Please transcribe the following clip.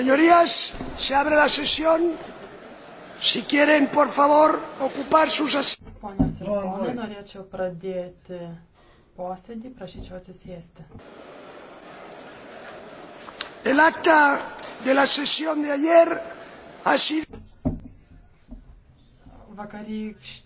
Señorías, se abre la sesión. Si quieren, por favor, ocupar sus asientos. Ponios ir ponai, norėčiau pradėti posėdį, prašyčiau atsisėsti. El acta de la sesión de ayer ha sido. Vakarykštė